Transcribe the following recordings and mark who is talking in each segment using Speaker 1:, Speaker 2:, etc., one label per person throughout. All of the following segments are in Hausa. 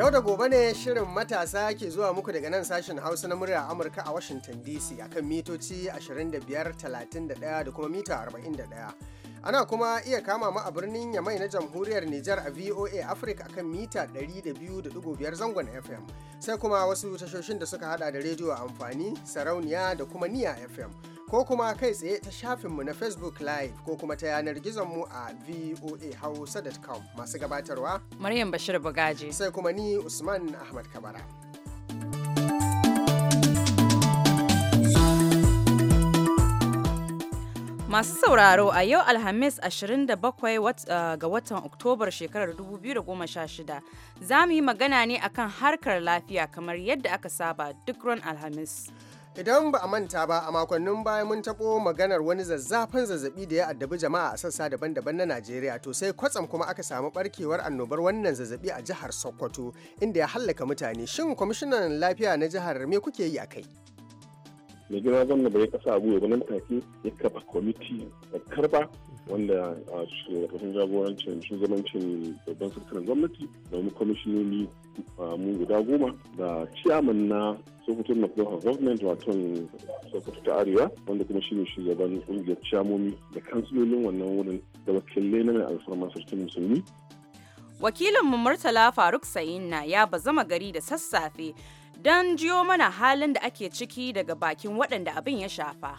Speaker 1: Yau da gobe ne shirin matasa ke zuwa muku daga nan sashen Hausa na murya Amurka a Washington DC akan mitoci 25, 31 da kuma mita 41. Ana kuma iya kama mu a birnin Yamai na Jamhuriyar Nijar a VOA Africa akan mita 200.5 zangon FM. Sai kuma wasu tashoshin da suka hada da rediyo amfani, sarauniya da kuma niya FM. ko kuma kai tsaye ta shafinmu na Facebook Live ko kuma ta yanar gizonmu a voahausa.com masu gabatarwa. Maryam Bashir Bugaji. Sai kuma ni Usman
Speaker 2: Ahmad Kabara.
Speaker 3: Masu sauraro a yau Alhamis 27 uh, ga watan Oktobar shekarar 2016 za mu yi magana ne akan harkar lafiya kamar yadda aka saba duk ran Alhamis. Idan ba a manta ba a
Speaker 1: makonnin baya mun taɓo maganar wani zazzafin zazzabi da ya addabi jama'a a sassa daban-daban na Najeriya to sai kwatsam kuma aka samu barkewar annobar wannan zazzabi a jihar Sokoto inda ya hallaka mutane. Shin kwamishinan lafiya na jihar me kuke yi a kai?
Speaker 4: mai gina gwamna bai kasa abu ya take ya kafa kwamiti da karba wanda a ƙarƙashin jagorancin shugabancin babban sakataren gwamnati da wani kwamishinoni mu guda goma da ciyaman na sokoto na local government wato sokoto ta arewa wanda kuma shine shugaban ƙungiyar ciyamomi da kansilolin wannan wurin da wakilai na mai alfarma sarkin musulmi
Speaker 3: wakilinmu murtala faruk sayinna ya bazama gari da sassafe don jiyo mana halin da ake ciki daga bakin waɗanda abin ya shafa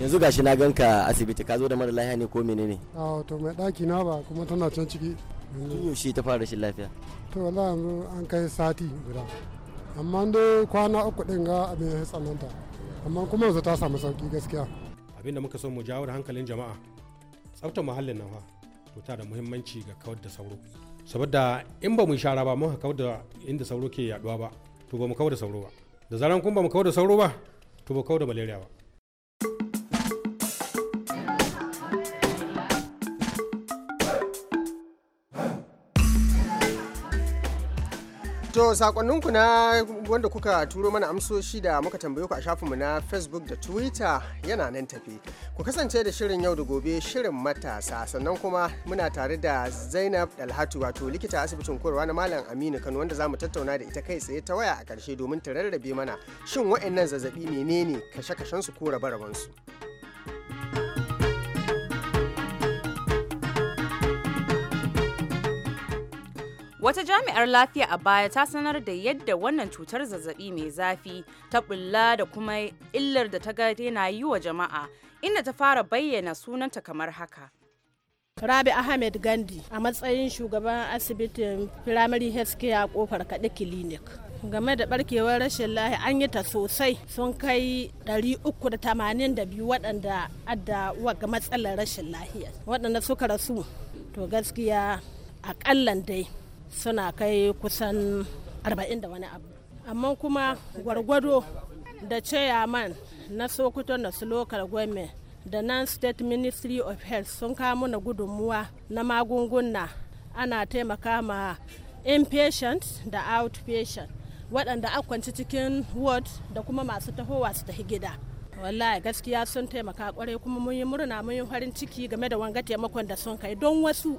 Speaker 1: yanzu gashi na ganka asibiti ka zo da mara lafiya ne ko menene
Speaker 5: a to mai daki na ba kuma tana can ciki tun
Speaker 1: yaushe ta fara rashin lafiya
Speaker 5: to wallahi yanzu an kai sati guda amma dai kwana uku din ga abin ya tsananta amma kuma yanzu ta samu sauki gaskiya
Speaker 6: abinda muka so mu jawo da hankalin jama'a tsaftar muhallin nan fa to ta da muhimmanci ga kawar da sauro saboda in ba mu shara ba mun kawar da inda sauro ke yaduwa ba to ba mu kawar da sauro ba da zaran kun ba mu kawar da sauro ba to ba kawar da malaria ba
Speaker 1: sakonninku na wanda kuka turo mana amsoshi da muka tambaye ku a shafinmu na Facebook da Twitter yana nan tafi. Ku kasance da shirin yau da gobe shirin matasa sannan kuma muna tare da Zainab Dalhatu wato likita asibitin korwa na Malam Aminu Kano wanda za mu tattauna da ita kai tsaye ta waya a karshe domin ta rarrabe mana shin wa'annan zazzabi menene kashe kashensu ko rabe
Speaker 3: Wata jami'ar lafiya a baya ta sanar da yadda wannan cutar zazzabi mai zafi ta bulla da kuma illar da ta ga na yi wa jama'a inda ta fara bayyana sunanta kamar haka.
Speaker 7: Rabi Ahmed gandi a matsayin shugaban asibitin Primary health care kofar kaɗe Clinic. game da barkewar rashin lahi an yi ta sosai sun kai 382 waɗanda adda ga matsalar rashin lahiya waɗanda suka rasu to gaskiya akallan dai suna kai kusan 40 da wani abu amma kuma gwargwado da chairman na sokoto na su local government da nan state ministry of health sun kama na gudunmuwa na magunguna ana taimaka ma inpatient da outpatient waɗanda akwanci cikin ward da kuma masu tahowa su tafi gida wallahi gaskiya sun taimaka kwarai kuma mun yi murna mun yi farin ciki game da wanga taimakon da sun kai don wasu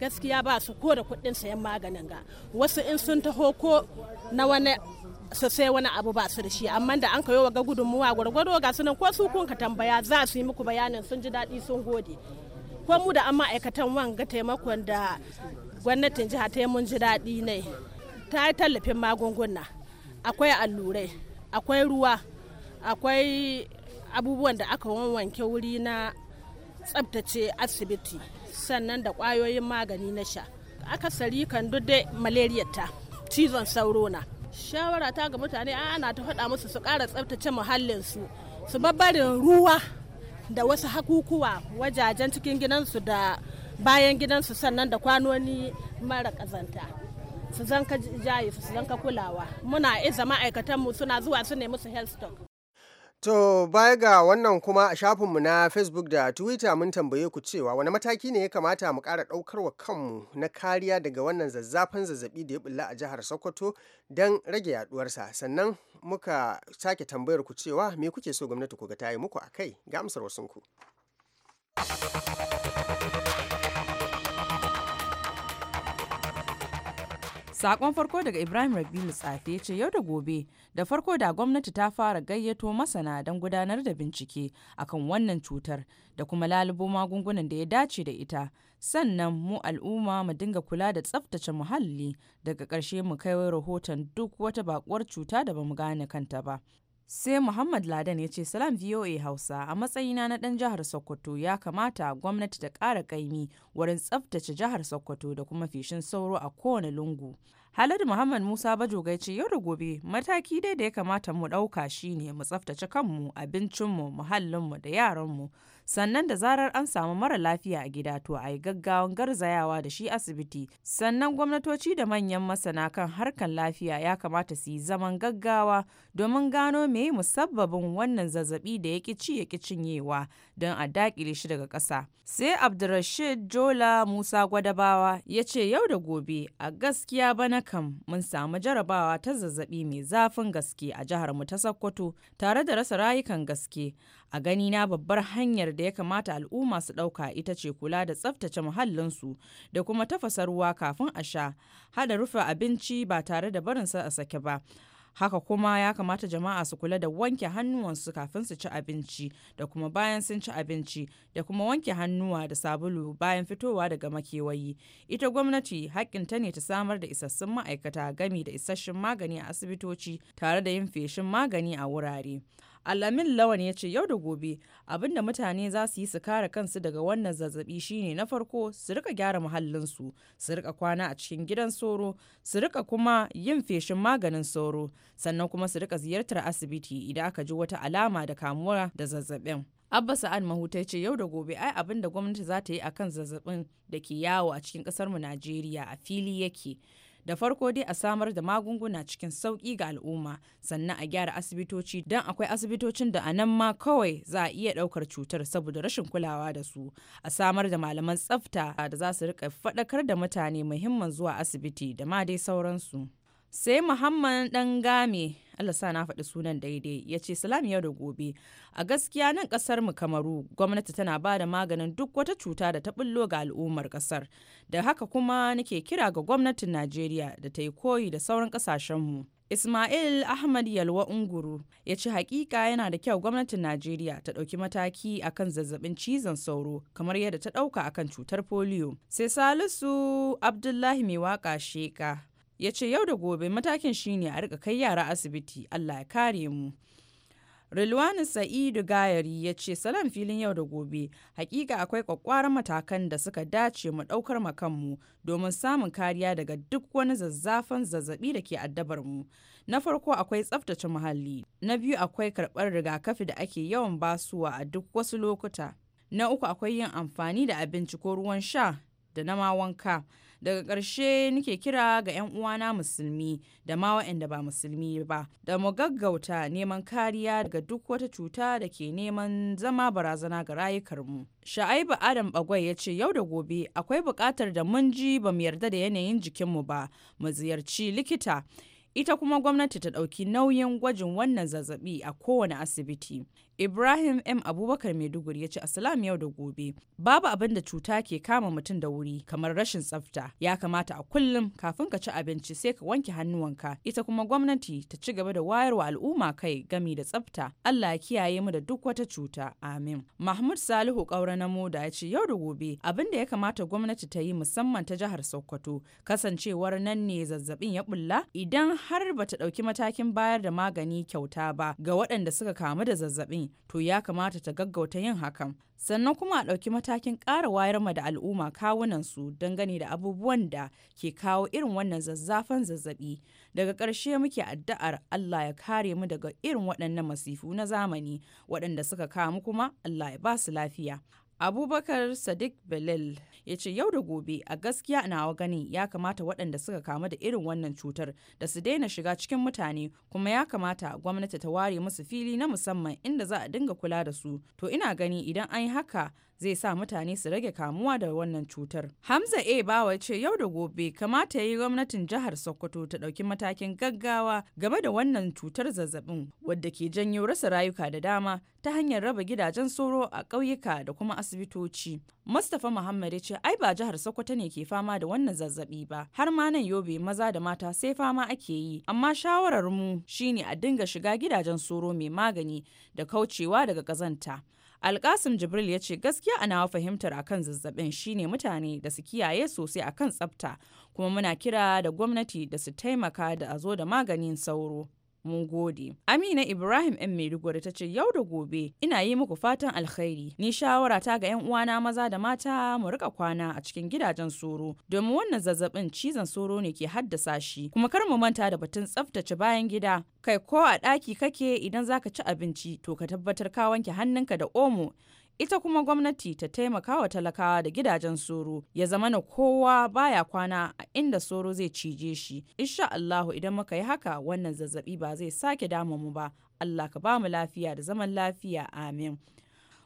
Speaker 7: gaskiya ba su ko da kuɗin sayan maganin ga wasu in sun taho ko na wani su sai wani abu ba su da shi amma da an kayo ga gudunmuwa gwargwado ga sunan ko su kun ka tambaya za su yi muku bayanin sun ji daɗi sun gode ko mu da an ma'aikatan wanga taimakon da gwamnatin jiha ta mun ji daɗi ne ta yi tallafin magunguna akwai allurai akwai ruwa akwai abubuwan da aka wanwanke wuri na tsabtace asibiti sannan da kwayoyin magani na sha aka sari kan duk dai ta cizon sauro na shawara ta ga mutane ana ta faɗa musu su ƙara tsabtace muhallin su su babbarin ruwa da wasu hakukuwa wajajen cikin gidansu da bayan gidansu sannan da kwanoni mara ƙazanta su zanka jayi su zanka kulawa muna iza ma'aikatanmu suna zuwa su ne musu health stock
Speaker 1: To baya ga wannan kuma a shafinmu na Facebook da Twitter mun tambaye ku cewa wani mataki ne ya kamata mu kara ƙara wa kanmu na kariya daga wannan zazzafin zazzabi da ya bulla a jihar Sokoto don rage yaduwarsa. Sannan muka sake tambayar ku cewa me kuke so gwamnati ku ga ta yi muku a kai ga amsar wasunku.
Speaker 3: Sakon farko daga Ibrahim Rabi Mutsafi ya ce yau da gobe da farko da gwamnati ta fara gayyato masana don gudanar da bincike akan wannan cutar da kuma lalubo magungunan da ya dace da ita. Sannan mu al'umma mu dinga kula da tsaftace muhalli daga ƙarshe mu kai rahoton duk wata bakuwar cuta da ba mu gane kanta ba. Sai Muhammad Ladan ya ce salam VOA Hausa a matsayina na ɗan jihar Sokoto ya kamata gwamnati ta ƙara ƙaimi wurin tsaftace jihar Sokoto da kuma fishin sauro a kowane lungu. Haladu Muhammad Musa Bajogai ce yau da gobe mataki dai da ya kamata mu ɗauka shine mu tsaftace kanmu, abincinmu, muhallinmu da yaranmu sannan da zarar an samu mara lafiya a gida to a yi gaggawan garzayawa da shi asibiti sannan gwamnatoci da manyan masana kan harkar lafiya ya kamata su yi zaman gaggawa domin gano me musabbabin wannan zazzabi da ya ci ya cinyewa don a dakile shi daga ƙasa sai abdulrashid jola musa gwadabawa ya ce yau da gobe a gaskiya bana kam mun samu jarabawa ta zazzabi mai zafin gaske a jihar mu ta sokoto tare da rasa rayukan gaske a ganina babbar hanyar da ya kamata al'umma su ɗauka ita ce kula da tsaftace muhallinsu da kuma tafasa ruwa kafin a sha hada rufe abinci ba tare da sa a sake ba haka kuma ya kamata jama'a su kula da wanke hannuwansu kafin su ci abinci da kuma bayan sun ci abinci da kuma wanke hannuwa da sabulu bayan fitowa daga makewayi ita gwamnati ta ne ta samar da isassun ma'aikata gami da isasshen magani a asibitoci tare da yin feshin magani a wurare alamin lawan ya ce yau da gobe abinda mutane za su yi su kare kansu daga wannan zazzabi shine na farko su rika gyara muhallinsu su rika kwana a cikin gidan sauro su rika kuma yin feshin maganin sauro sannan kuma su rika ziyartar asibiti idan aka ji wata alama da kamuwa da zazzabin abba sa'ad mahuta ce yau da gobe ai abinda gwamnati za ta yi akan zazzabin da ke yawo a cikin kasar mu najeriya a fili yake da farko dai a samar da magunguna cikin sauƙi ga al'umma sannan a gyara asibitoci don akwai asibitocin da a nan ma kawai za a iya ɗaukar cutar saboda rashin kulawa da su a samar da malaman tsafta da za su rika faɗakar da mutane muhimman zuwa asibiti da ma dai sauransu sai muhammad dan game Allah sa na faɗi sunan daidai ya ce salam yau da gobe a gaskiya nan ƙasar mu kamaru gwamnati tana ba da maganin duk wata cuta da ta bullo ga al'ummar ƙasar da haka kuma nake kira ga gwamnatin Najeriya da ta yi koyi da sauran ƙasashen mu. Ismail Ahmad Yalwa Unguru ya ce hakika yana da kyau gwamnatin Najeriya ta ɗauki mataki akan zazzabin cizon sauro kamar yadda ta ɗauka akan cutar polio. Sai Salisu Abdullahi mai waka sheka ya ce yau da gobe matakin shine a rika kai yara asibiti allah ya kare mu Rilwani Sa'idu Gayari ya ce salam filin yau da gobe hakika akwai kwakwaran matakan da suka dace mu daukar makanmu domin samun kariya daga duk wani zazzafan zazzabi da ke addabar mu. Na farko akwai tsaftace muhalli, na biyu akwai karɓar rigakafi da ake yawan basuwa a duk wasu lokuta. Na uku akwai yin amfani da abinci ko ruwan sha da na ma wanka. daga ƙarshe nike kira ga 'yan uwana musulmi da ma waɗanda ba musulmi ba da mu gaggauta neman kariya daga duk wata cuta da ke neman zama barazana ga rayukarmu sha'aibu adam bagwai ya ce yau da gobe akwai buƙatar da mun ji ba mu yarda da yanayin jikinmu ba mu ziyarci likita ita kuma gwamnati ta ɗauki nauyin gwajin wannan zazzabi a kowane asibiti Ibrahim M. Abubakar Maiduguri ya ce Asalam yau da gobe. Babu abin da cuta ke kama mutum da wuri kamar rashin tsafta. Ya kamata a kullum kafin ka ci abinci sai ka wanke hannuwanka. Ita kuma gwamnati ta ci gaba da wayarwa al'umma kai gami da tsafta. Allah ya kiyaye mu da duk wata cuta. Amin. Mahmud Salihu Kaura na Moda ya ce yau da gobe abin da ya kamata gwamnati ta yi musamman ta jihar Sokoto kasancewar nan ne zazzabin ya bulla idan har bata ɗauki matakin bayar da magani kyauta ba ga waɗanda suka kamu da zazzabin to ya kamata ta gaggauta yin hakan sannan kuma a ɗauki matakin ƙara wayar ma da al'umma kawunansu dangane da abubuwan da ke kawo irin wannan zazzafan zazzabi daga ƙarshe muke addu'ar Allah ya kare mu daga irin waɗannan masifu na zamani waɗanda suka mu kuma Allah ya ba su lafiya abubakar sadiq belal ya ce yau da gobe a gaskiya nawa gani ya kamata waɗanda suka kamu da irin wannan cutar da su daina shiga cikin mutane kuma ya kamata gwamnati ta ware musu fili na musamman inda za a dinga kula da su to ina gani idan an yi haka zai sa mutane su rage kamuwa da wannan cutar. Hamza A Bawa ce yau da gobe kamata ya yi gwamnatin jihar Sokoto ta ɗauki matakin gaggawa game da wannan cutar zazzabin wadda ke janyo rasa rayuka da dama ta hanyar raba gidajen soro a ƙauyuka da kuma asibitoci. Mustapha Muhammad ya ce ai ba jihar Sokoto ne ke fama da wannan zazzabi ba har ma nan yobe maza da mata sai fama ake yi amma shawarar mu shine a dinga shiga gidajen soro mai magani da kaucewa daga ƙazanta. alkasim jibril ya ce gaskiya ana fahimtar akan zazzabin shine mutane da su kiyaye sosai akan tsafta kuma muna kira da gwamnati da su taimaka da a zo da maganin sauro mun gode. Amina Ibrahim 'yan Maiduguri ta ce yau da gobe ina yi muku fatan alkhairi. Ni shawara ta ga 'yan uwana maza da mata mu rika kwana a cikin gidajen soro domin wannan zazzabin cizon soro ne ke haddasa shi kuma kar mu manta da batun tsaftace bayan gida kai ko a ɗaki kake idan zaka ci abinci to ka tabbatar ka wanke hannunka da omo ita kuma gwamnati ta taimaka wa talakawa da gidajen soro ya zama na kowa baya kwana a inda soro zai cije shi insha Allahu idan muka yi haka wannan zazzabi ba zai sake damu mu ba Allah ka ba mu lafiya da zaman lafiya amin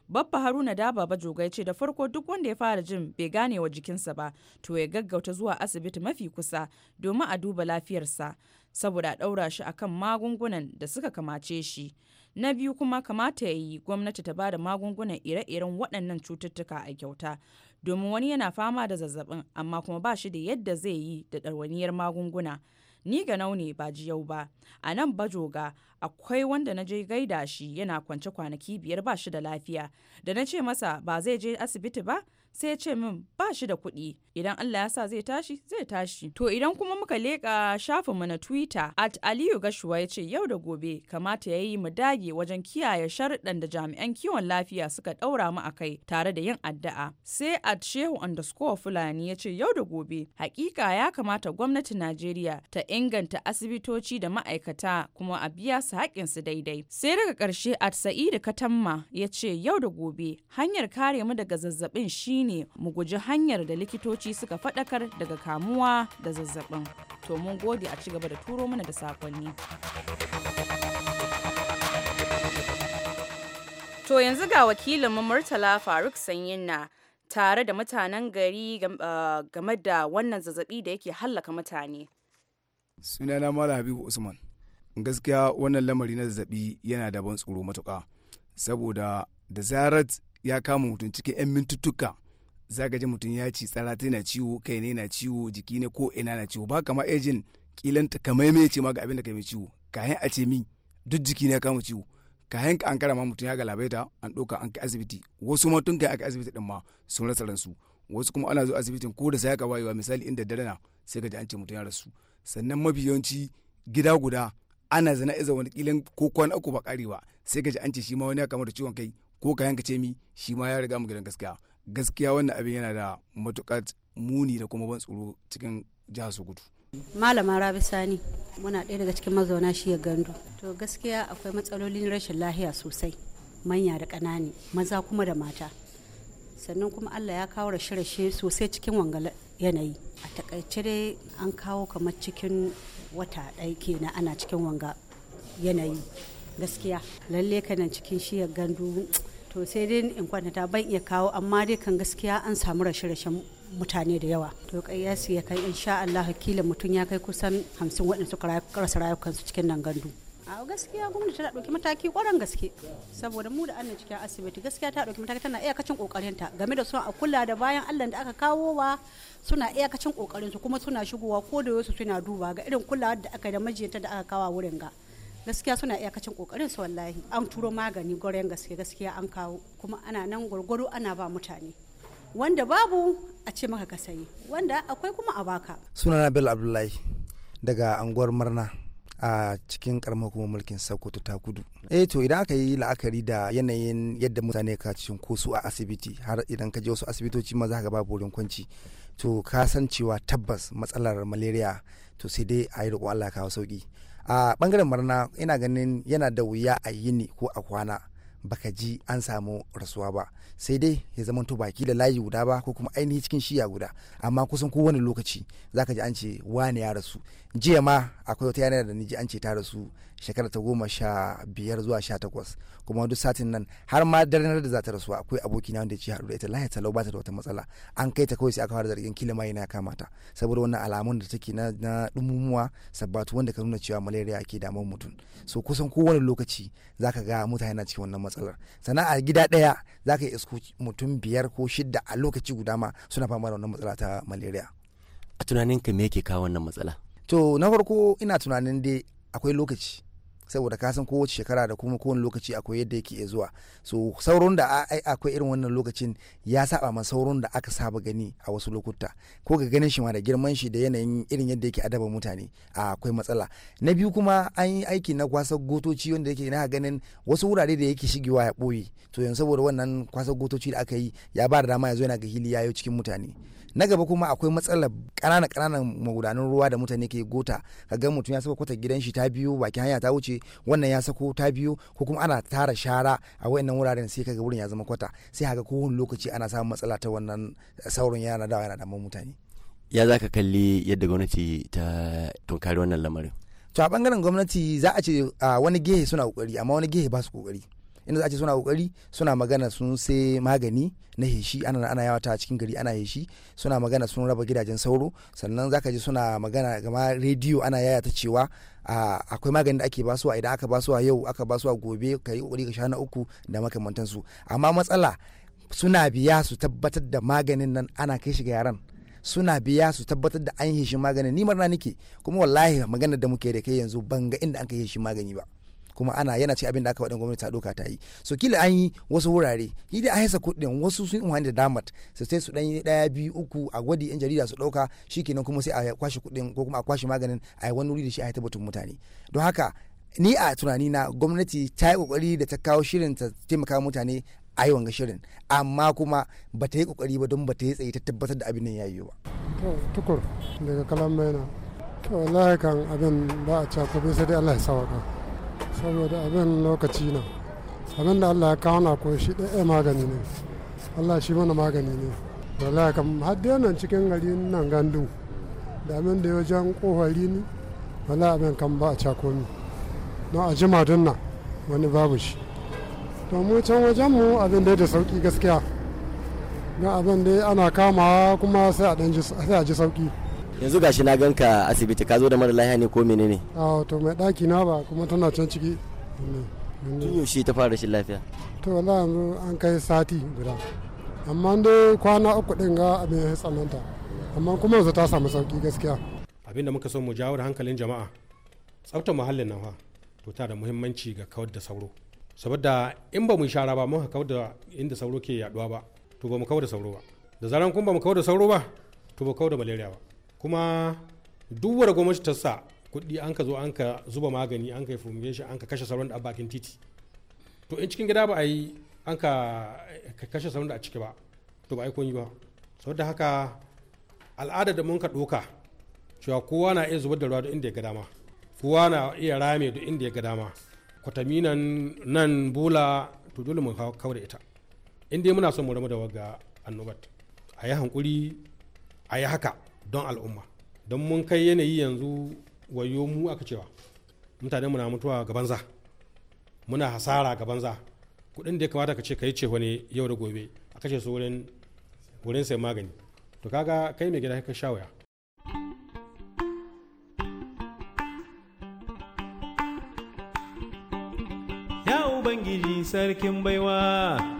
Speaker 3: Babba Haruna da baba ya ce da farko duk wanda ya fara jin bai gane wa jikinsa ba to ya gaggauta zuwa asibiti mafi kusa domin a duba lafiyarsa saboda a ɗaura shi akan magungunan da suka kamace shi. na biyu kuma kamata ya yi gwamnati ta bada magungunan ire-iren waɗannan cututtuka a kyauta domin wani yana fama da zazzabin amma kuma ba shi da yadda zai yi da ɗarwaniyar magunguna ni ga naune ba ji yau ba a nan bajoga akwai wanda na je gaida shi yana kwance kwanaki biyar ba shi da lafiya da na ce masa ba zai je asibiti ba sai ce min ba shi da kuɗi idan Allah ya sa zai tashi zai tashi to idan kuma muka leƙa mu na twitter at aliyu gashuwa ya ce yau da gobe kamata ya yi mu dage wajen kiyaye sharuɗan da jami'an kiwon lafiya suka ɗaura mu a kai tare da yin addu'a sai at shehu underscore fulani ya ce yau da gobe hakika ya kamata gwamnatin najeriya ta inganta asibitoci da ma'aikata kuma a biya su haƙƙinsu daidai sai daga ƙarshe at sa'idu katamma ya ce yau da gobe hanyar kare mu daga zazzabin shi shine mu guji hanyar da likitoci suka faɗakar daga kamuwa da zazzabin. To mun gode a ci gaba da turo mana da sakonni. To yanzu ga wakilin Murtala Faruk na tare da mutanen gari ah, game da wannan zazzabi da yake hallaka mutane.
Speaker 8: Sunana Mala Habibu Usman. Gaskiya wannan lamari na zazzabi yana da ban tsoro matuka Saboda da zarar ya kama mutum cikin 'yan mintuttuka za ji mutum ya ci tsara na ciwo kai ne na ciwo jiki ne ko ina na ciwo ba kama ejin kilan ta kamai ce ma ga abinda ka kai mai ciwo kayan a ce min duk jiki ne ya kama ciwo kayan ka an kara ma mutum ya ga labaita an ɗauka an kai asibiti wasu ma tun kai aka asibiti din ma sun rasa ransu wasu kuma ana zo asibitin ko da sai ka wayewa misali inda dare na sai ka ji an ce mutum ya rasu sannan mafi yawanci gida guda ana zana iza wani kilan ko kwana uku ba karewa sai ka ji an ce shi ma wani ya kama da ciwon kai ko kayan ka ce mi shi ma ya riga mu gidan gaskiya gaskiya wannan abin yana da matukar muni da kuma ban tsoro cikin jihar sokoto
Speaker 9: malama rabi sani muna ɗaya daga cikin mazauna shi ya gandu to gaskiya akwai matsalolin rashin lahiya sosai manya da ƙanani maza kuma da mata sannan kuma allah ya kawo rashe-rashe sosai cikin wangala yanayi a takaice dai an kawo kamar cikin wata ɗaya kenan ana cikin wanga yanayi gaskiya lalle kanan cikin shi ya gandu to sai dai in ta ban iya kawo amma dai kan gaskiya an samu rashe-rashen mutane da yawa to kayyasi ya kai insha Allah hakila mutum ya kai kusan hamsin wadanda suka rasa rayukansu cikin nan gandu a gaskiya gwamnati ta dauki mataki kwaran gaske saboda mu da annan cikin asibiti gaskiya ta dauki mataki tana iyakacin ƙoƙarinta game da suna a kula da bayan allah da aka kawo wa suna iyakacin ƙoƙarinsu kuma suna shigowa ko da yaushe suna duba ga irin kulawar da aka yi da majiyata da aka kawo wurin ga gaskiya suna iyakacin kokarin su wallahi an turo magani gwarin gaske gaskiya an kawo kuma ana nan gwargwaro ana ba mutane wanda babu a ce maka ka sayi wanda akwai kuma a baka
Speaker 8: sunana bel abdullahi daga anguwar marna a cikin karamar kuma mulkin sokoto ta kudu eh to idan aka yi la'akari da yanayin yadda mutane ka cikin su a asibiti har idan ka je wasu asibitoci ma za ka ba kwanci to ka san cewa tabbas matsalar malaria to sai dai a yi roƙon Allah kawo sauki a bangaren murna ina ganin yana da wuya a yini ko a kwana baka ji an samu rasuwa ba sai dai ya zama to baki da layi guda ba ko kuma ainihi cikin shiya guda amma kusan kowane lokaci zaka ji an ce wani ya rasu jiya ma akwai wata yanar da ni ji an ce ta rasu shekara ta goma sha biyar zuwa sha takwas kuma duk satin nan har ma daren da za ta rasuwa akwai aboki na wanda ya ci haɗu da ita lahiya talau ba ta da wata matsala an kai ta kawai sai aka fara zargin kila ma na kama ta saboda wannan alamun da take na na dumumuwa sabbatu wanda ka nuna cewa malaria ake damun mutum so kusan kowane lokaci zaka ga mutane na cikin wannan matsalar sannan a gida ɗaya zaka yi isko mutum biyar ko shidda a lokaci guda ma suna fama da wannan matsala ta
Speaker 1: malaria a tunaninka me yake kawo wannan matsala
Speaker 8: to na farko ina tunanin dai akwai lokaci saboda ka san kowace shekara da kuma kowane lokaci akwai yadda yake zuwa so sauron da akwai irin wannan lokacin ya saba ma sauron da aka saba gani a wasu lokuta ko ga ganin shi ma da girman shi da yanayin irin yadda yake adaba mutane akwai matsala na biyu kuma an yi aiki na kwasar gotoci wanda yake na ganin wasu wurare da yake shigewa ya ɓoye to yanzu saboda wannan kwasar gotoci da aka yi ya ba da dama ya zo yana ga hili yayo cikin mutane na gaba kuma akwai matsalar ƙanana ƙananan magudanan ruwa da mutane ke gota ka ga mutum ya sako kwata gidan shi ta biyu bakin hanya ta wuce wannan ya sako ta biyu ko kuma ana tara shara a wayannan wuraren sai kaga wurin ya zama kwata sai haka kowane lokaci ana samun matsala ta wannan saurin yana dawa yana damar mutane
Speaker 1: ya za ka kalli yadda gwamnati ta tunkari wannan lamarin to
Speaker 8: a bangaren gwamnati za a ce wani gehe suna kokari amma wani gehe ba su kokari inda za a ce suna kokari suna magana sun sai magani na heshi ana ana ta cikin gari ana heshi suna magana sun raba gidajen sauro sannan zaka ji suna magana gama rediyo ana ta cewa akwai magani da ake basuwa idan aka basuwa yau aka basuwa gobe ka yi kokari ka sha na uku da su amma matsala suna biya su tabbatar da maganin nan ana kai shi ga yaran suna biya su tabbatar da an yi shi magani ni marna nake kuma wallahi magana da muke da kai yanzu ban ga inda an kai shi magani ba kuma ana yana ce abin da aka faɗin gwamnati ta doka ta yi so kila an yi wasu wurare yi da a haisa kuɗin wasu sun umarni da damat su sai su ɗanyi ɗaya biyu uku a gwadi yan jarida su ɗauka shikenan kuma sai a kwashe kuɗin ko kuma a kwashe maganin a yi wani wuri da shi a haita batun mutane don haka ni a tunani na gwamnati ta yi kokari da ta kawo shirin ta taimaka mutane a yi wanga shirin amma kuma ba ta yi kokari ba don ba ta yi tsaye ta tabbatar da abin nan ya
Speaker 1: yi ba.
Speaker 5: tukur daga kalan maina to wallahi kan abin ba a cakobi sai dai allah ya sawaka saboda abin lokaci na abin da allah ya kawo na ko shi ɗaya magani ne allah shi mana magani ne da laka har nan cikin gari nan gandu da abin da wajen kofari ne wani abin kan ba a cakomi don a jima don wani babu shi to mu can wajen mu abin da ya da sauki gaskiya don abin da ana kamawa kuma sai a ji sauki
Speaker 1: yanzu gashi na ganka asibiti ka zo da mara lahiya ne ko menene
Speaker 5: a to mai daki na ba kuma tana can ciki tun
Speaker 1: yaushe ta fara rashin lafiya
Speaker 5: to wala yanzu an kai sati guda amma dai kwana uku din ga abin ya tsananta amma kuma yanzu ta samu sauki gaskiya
Speaker 6: abin da muka so mu jawo da hankalin jama'a tsaftar muhallin nan fa to ta da muhimmanci ga kawar da sauro saboda in ba mu shara ba mun kawar da inda sauro ke yaduwa ba to ba mu kawar da sauro ba da zaran kun ba mu kawar da sauro ba to ba kawar da malaria ba kuma duk wadda gwamnati ta sa kuɗi an ka zo an ka zuba magani an ka yi shi an ka kashe sauran da a bakin titi to in cikin gida ba a yi an ka kashe sauran da a ciki ba to ba a yi kun yi ba saboda haka al'ada da mun ka ɗoka cewa kowa na iya zubar da ruwa duk inda ya ga dama kowa na iya rame duk inda ya ga dama kwataminan nan bula bola to dole mun kawo da ita in dai muna son mu rama da waga annobat a yi hankuri a yi haka don al'umma don mun kai yanayi yanzu wayo mu aka cewa mutane muna mutuwa gaban banza muna hasara ga banza kuɗin da ya kamata ka ce ka yi cewa ne yau da gobe a kashe su wurin wurin sai magani to kaga kai mai gida ka sha waya ya ubangiji sarkin baiwa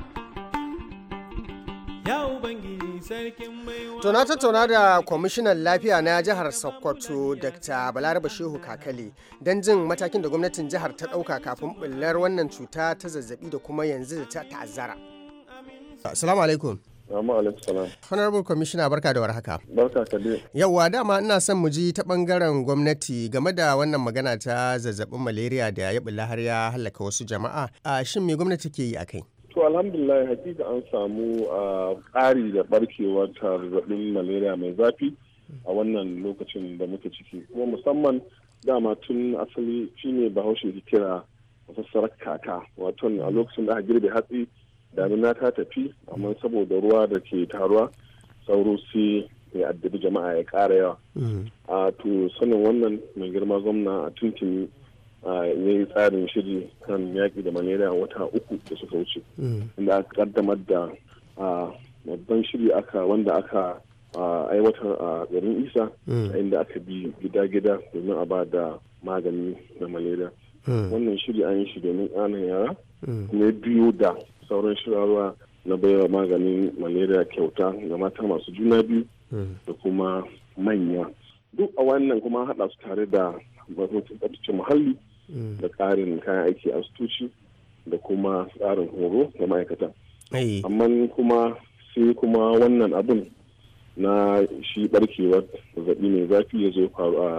Speaker 6: Tona ta
Speaker 1: tattauna da kwamishinan lafiya na jihar Sokoto Dr. Balaraba Shehu kakali don jin matakin da gwamnatin jihar ta ɗauka kafin bullar wannan cuta ta zazzabi da kuma yanzu da ta ta'azzara. Assalamu alaikum. Honorable Commissioner barka da warhaka. Barka ka dama ina son mu ji ta bangaren gwamnati game da wannan magana ta zazzabin malaria da ya bulla har ya halaka wasu jama'a. A shin me gwamnati ke yi a kai?
Speaker 4: To alhamdulillah hakika an samu ah, ƙari da ta tarzaɗin malaria mai zafi a wannan lokacin da muke ciki. Kuma musamman dama tun asali shine bahaushe ke kira fasassarar kaka wato a lokacin da aka girbe hatsi damina ta tafi amma saboda ruwa da ke taruwa sauro sai ya addabi jama'a ya kara yawa. Mm. A ah, to sanin wannan mai girma gwamna a tuntuni ya yi tsarin shiri kan yaƙi da malaria wata uku da suka wuce mm. inda aka kaddamar da babban shiri aka wanda aka aiwatar a garin isa mm. inda aka bi gida-gida domin a ba da magani da malaria mm. wannan shiri an yi shi domin ƙanan yara kuma biyu biyo da sauran shirarwa na baiwa maganin malaria kyauta ga mata masu juna biyu da kuma manya duk a wannan kuma haɗa su tare da tsabtace muhalli da tsarin kayan aiki a stuci da kuma tsarin horo da ma'aikata amma kuma sai kuma wannan abun na shi barkewar zaɓi mai zafi ya zo faru a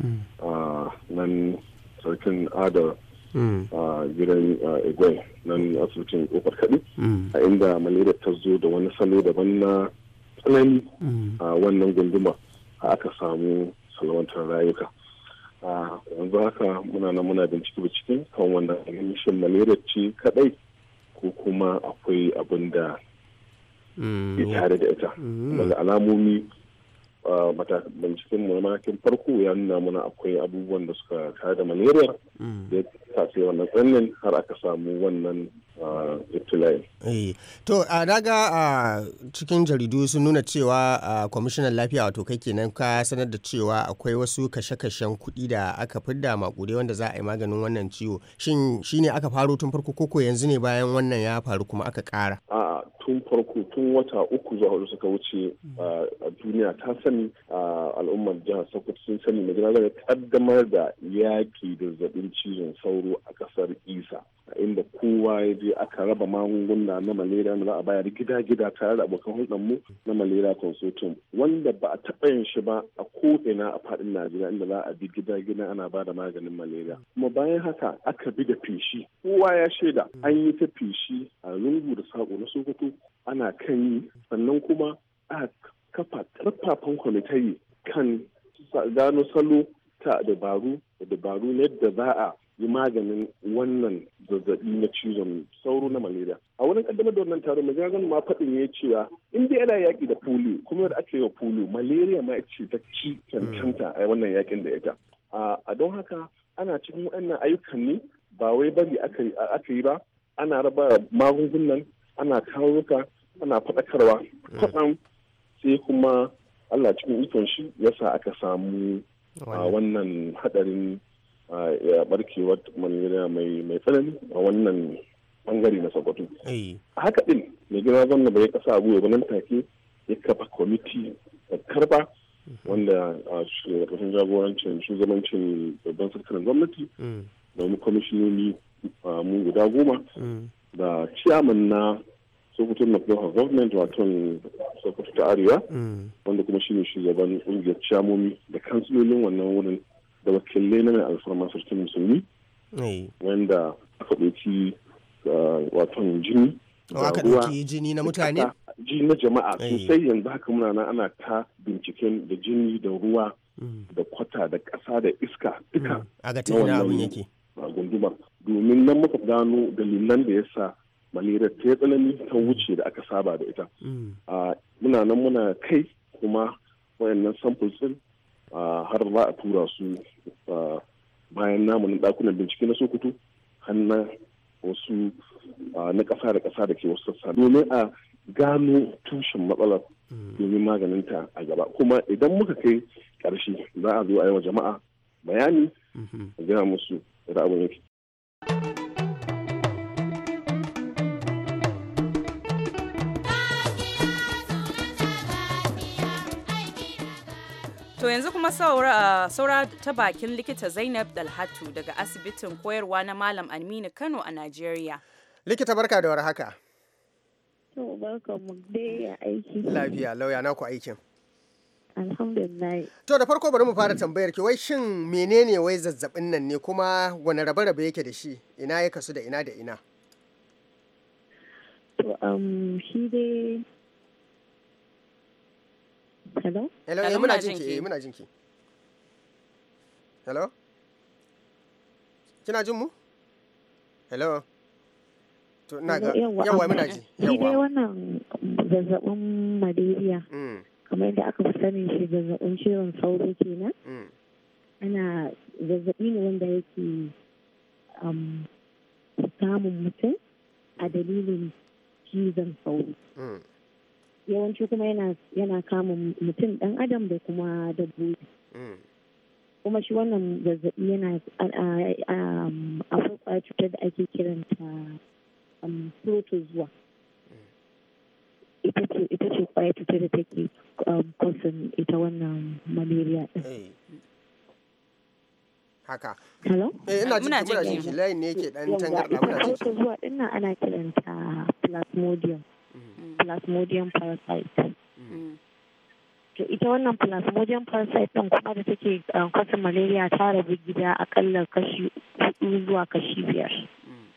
Speaker 4: hmm. nan sarkin adar hmm. a gidan igwe nan asibitin kofar kaɗi hmm. a inda malaria ta zo da wani salo daban na tsanani a wannan gunduma aka samu salwantar rayuka a yanzu haka muna nan muna bincike bincike kan wannan mishin malaria ce kadai ko kuma akwai abin da
Speaker 2: ke mm. tare da ita mm. daga
Speaker 4: alamomi binciken mu farko ya nuna mana akwai abubuwan da suka da malaria da mm. ya tasiri wannan tsanin har aka samu wannan Uh,
Speaker 1: eh, to a daga a cikin jaridu sun nuna cewa a kwamishinan lafiya wato kai kenan ka sanar da cewa akwai wasu kashe-kashen kuɗi da aka fidda makudai wanda za a yi maganin wannan ciwo shin shine aka faro tun farko koko yanzu ne bayan wannan ya faru kuma aka ƙara
Speaker 4: a tun farko tun wata uku zuwa hudu suka wuce a duniya ta sani a al'ummar jihar sokoto sun sani mai gina kaddamar da yaƙi da zazzabin cizon sauro a ƙasar isa inda kowa ya je je aka raba magunguna na malaria da za a bayar gida-gida tare da abokan hulɗarmu na malaria consortium wanda ba a taɓa yin shi ba a ko'ina a faɗin najeriya inda za a bi gida-gida ana ba da maganin malaria kuma bayan haka aka bi da feshi kowa ya shaida an yi ta feshi a lungu da saƙo na sokoto ana kan yi sannan kuma a kafa ƙarfafan kwamitai kan gano salo ta dabaru da dabaru yadda za a yi maganin wannan zazzabi na cizon sauro na malaria a wurin kaddamar da wannan taron mai ma faɗin ya cewa in dai ana yaƙi da polio kuma da ake yi wa polio malaria ma ce ta ci cancanta a wannan yaƙin da ita a don haka ana cikin wannan ayyukan ne ba wai bari aka yi ba ana raba magungunan ana tarurruka ana faɗakarwa faɗan sai kuma Allah cikin ikon shi yasa aka samu wannan haɗarin ya barkewar malaria mai mai tsanani a wannan bangare na sokoto eh. a haka din mai gina zanna bai kasa abu ya nan take ya kafa kwamiti karba mhm. wanda a shugabancin jagorancin shugabancin babban sakataren gwamnati mm. domin kwamishinoni mu guda goma mm. da ciyaman na sokoto na local government wato sokoto ta arewa mm. wanda kuma shine shugaban ƙungiyar ciyamomi da kansilolin wannan wurin da wakilai na mai alfarma sarkin musulmi wanda aka ɗauki ah, wato jini oh, aka ɗauki
Speaker 1: jini na mutane
Speaker 4: jini na jama'a sosai yanzu haka muna nan ana ta binciken da jini da ruwa mm. da kwata da ƙasa da iska duka mm.
Speaker 2: a ga na abin yake
Speaker 4: gundumar domin nan muka gano dalilan da yasa sa malaria ta tsanani ta wuce da aka saba da ita mm. ah, muna nan muna kai kuma wayannan samples din har za a tura su bayan namu na ɗakunan bincike na sokoto hannun wasu na ƙasa da ƙasa da ke wasu sassa domin a gano tushen matsalar hmm. domin ta a gaba kuma idan muka kai ƙarshe za a zo a yi wa jama'a bayani mhm. a gina musu ra'ayin yake
Speaker 3: To yanzu kuma ah, saura ta bakin likita Zainab Dalhatu daga asibitin koyarwa na Malam Aminu Kano a Najeriya.
Speaker 1: Likita barka da warhaka. To barka mu aiki. Lafiya lauya na ku aikin. Alhamdulillah. To da farko bari mu fara tambayar ki wai shin menene wai zazzabin nan ne kuma wani rabe-rabe yake da shi ina ya kasu da ina da ina?
Speaker 10: To um, shi dai
Speaker 1: Hello? Hello, eh, muna jinki? muna jinki. Eh, Hello? Kina jin mu? Hello? To ina ga yawa
Speaker 10: muna ji. Yawa. dai
Speaker 2: wannan
Speaker 10: zazzabin malaria. Mm. Kamar yadda aka fi sanin shi zazzabin cizon sauro kenan. Mm. Ana zazzabi ne wanda yake um, samun mutum a dalilin cizon sauro. Mm. yawanci kuma yana kamun mutum dan adam da kuma dabbobi mm. kuma shi wannan zazzabi yana a um, akwai cutar da ake kiranta um, protozoa ita ce kwaya cutar da take kosin um, ita wannan malaria din haka hello eh, ina ji muna ji
Speaker 1: layin ne yake dan tangarda muna
Speaker 10: ji ana kiranta plasmodium Mm-hmm. plasmodium parasite
Speaker 2: mm-hmm.
Speaker 10: to ita wannan plasmodium parasite ɗin kuma da take uh, kwasin malaria ta rabu gida akalla kashi hudu zuwa kashi biyar mm-hmm.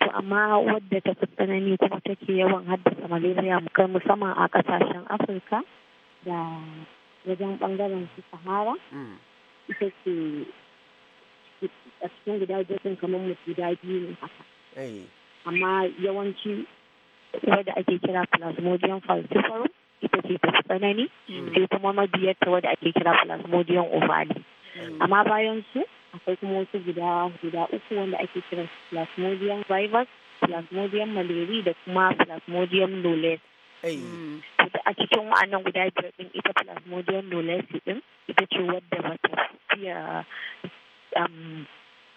Speaker 10: to amma wadda ta fi tsanani kuma take yawan haddasa malaria kai musamman a kasashen afirka da wajen bangaren su sahara ita ce a cikin guda jirgin kamar mu guda biyu ne haka amma yawanci wadda ake kira plasmodium falciparum ita ce ta tsanani mm. sai kuma mabiyarta wadda ake kira plasmodium ovale mm. amma bayan su akwai kuma wasu guda guda uku wanda ake kira plasmodium vivax plasmodium malaria da kuma plasmodium ita mm. a cikin wa'annan guda biyar din ita plasmodium lolens din ita ce wadda ba ta fiya um,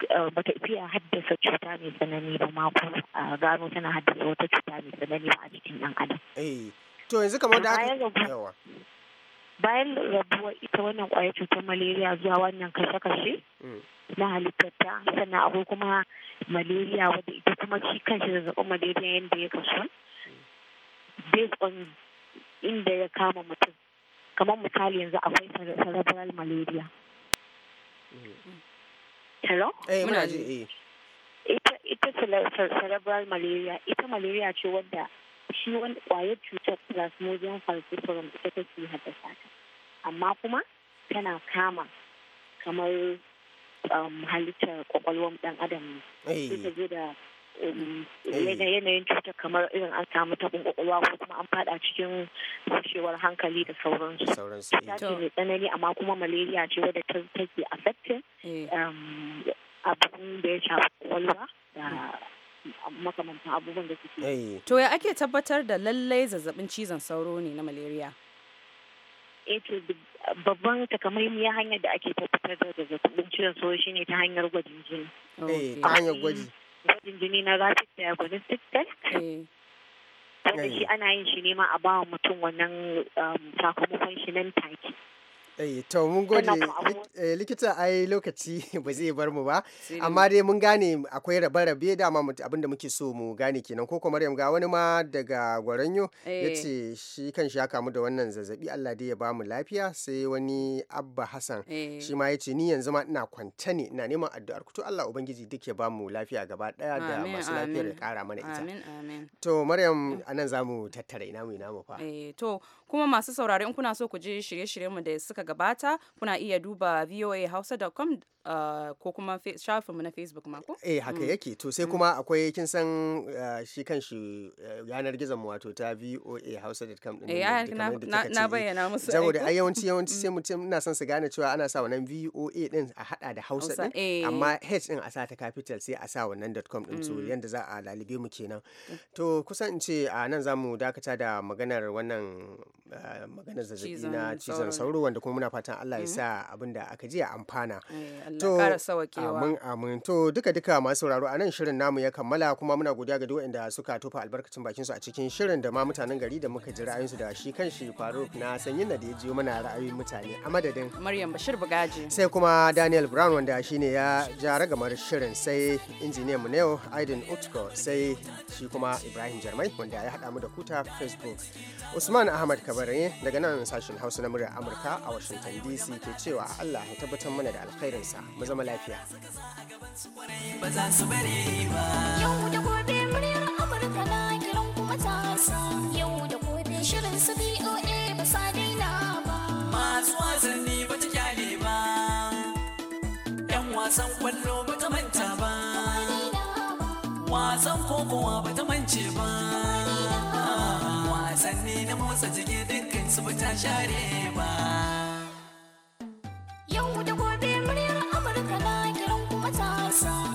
Speaker 10: Eh, bata fiya haddasa cuta mai tsanani ba ma ko eh, gano tana haddasa wata cuta mai tsanani ba a jikin ɗan adam. Eh,
Speaker 2: to yanzu kamar da aka
Speaker 10: bayan rabuwar ita wannan kwayar cutar malaria zuwa wannan kashe-kashe mm. na halittar ta sannan akwai kuma malaria wadda ita kuma shi kanshi zazzabin malaria yadda ya kasu based on inda ya kama mutum kamar misali yanzu akwai cerebral malaria mm. Hello? Eh, muna ji. Eh. Ita ita cerebral malaria, ita malaria ce wadda shi wani kwayar cutar plasmodium falciparum ita ke haddasa ta. Amma kuma tana kama kamar um, halittar kwakwalwar dan adam ne. Eh. Ita da Um, yanayin cutar kamar irin an samu tabin kwakwalwa ko kuma an fada cikin fashewar hankali da sauransu.
Speaker 1: Eh. Cuta
Speaker 2: ce mai
Speaker 10: tsanani amma kuma malaria ce wadda ta take affecting eh. um,
Speaker 3: abin da ya shafi kwakwalwa da makamantan abubuwan da suke. To ya ake tabbatar da lallai zazzabin cizon sauro ne na malaria? Eto eh, babban takamaimiyar hanyar da ake tabbatar da zazzabin cizon sauro shine ta
Speaker 10: hanyar gwajin jini. ta hanyar gwaji. gwajin jini na rapid diagnostic test
Speaker 1: eh. wanda shi ana
Speaker 10: yin shi ne a bawa mutum wannan um, sakamakon shi nan take
Speaker 1: Eh, to mun gode eh, likita ai lokaci ba zai bar mu ba amma dai mun gane akwai rabe-rabe dama abinda muke so mu gane kenan ko kuma Maryam ga wani ma daga Gwaranyo yace eh. shi kan shi ya kamu da wannan zazzabi Allah dai ya ba mu lafiya sai wani Abba Hassan
Speaker 3: shi ma
Speaker 1: yace ni yanzu ma ina kwanta ne ina neman addu'ar ku Allah ubangiji duk ya ba mu lafiya gaba daya da masu lafiyar ya kara mana ita. Amin amin. To Maryam anan zamu tattara ina mu ina mu fa.
Speaker 3: to kuma masu saurare in kuna so ku ji shirye-shiryenmu da suka gabata kuna iya duba voahausa.com uh, ko kuma shafinmu na facebook mako eh haka mm, yake
Speaker 1: to sai mm. kuma akwai kin san uh, shi kan shi uh, eh, yanar gizon wato ta voa hausa.com din eh, na, na, eh. bayyana
Speaker 3: musu eh. saboda da yawanci yawanci sai
Speaker 1: mm. mutum ina son su gane cewa ana sa wannan voa din a hada da hausa din amma h din a sa ta capital sai a sa wannan .com din to yanda za a lalibe mu kenan to kusan in ce a nan zamu dakata da maganar wannan ah, maganar zazzabi na cizon sauro wanda kuma muna fatan Allah ya sa abinda aka ji a amfana
Speaker 2: Allah ƙara sawakewa. Amin
Speaker 1: amin. To duka duka masu sauraro a nan shirin namu ya kammala kuma muna godiya ga duk inda suka tofa albarkacin bakin su a cikin shirin da ma mutanen gari da muka ji ra'ayinsu da shi kan shi Faruk na sanyin da ya jiyo mana ra'ayoyin mutane a madadin.
Speaker 3: Maryam Bashir Bugaji.
Speaker 1: Sai kuma Daniel Brown wanda shine ya ja ragamar shirin sai injiniyan mu na yau Aidin Utko sai shi kuma Ibrahim Jarmai wanda ya haɗa mu da kuta Facebook. Usman Ahmad Kabare daga nan sashen Hausa na muryar Amurka a Washington DC ke cewa Allah ya tabbatar mana da alkhairinsa. matasa mu zama lafiya
Speaker 2: yau amurka na kiran matasa yau
Speaker 8: wasanni ba yan wasan kwallo ba ta manta ba wasan kokowa ba mance ba wasanni na motsa jiki dukkan su ba ta share
Speaker 2: ba yau da gobe muryar traumatized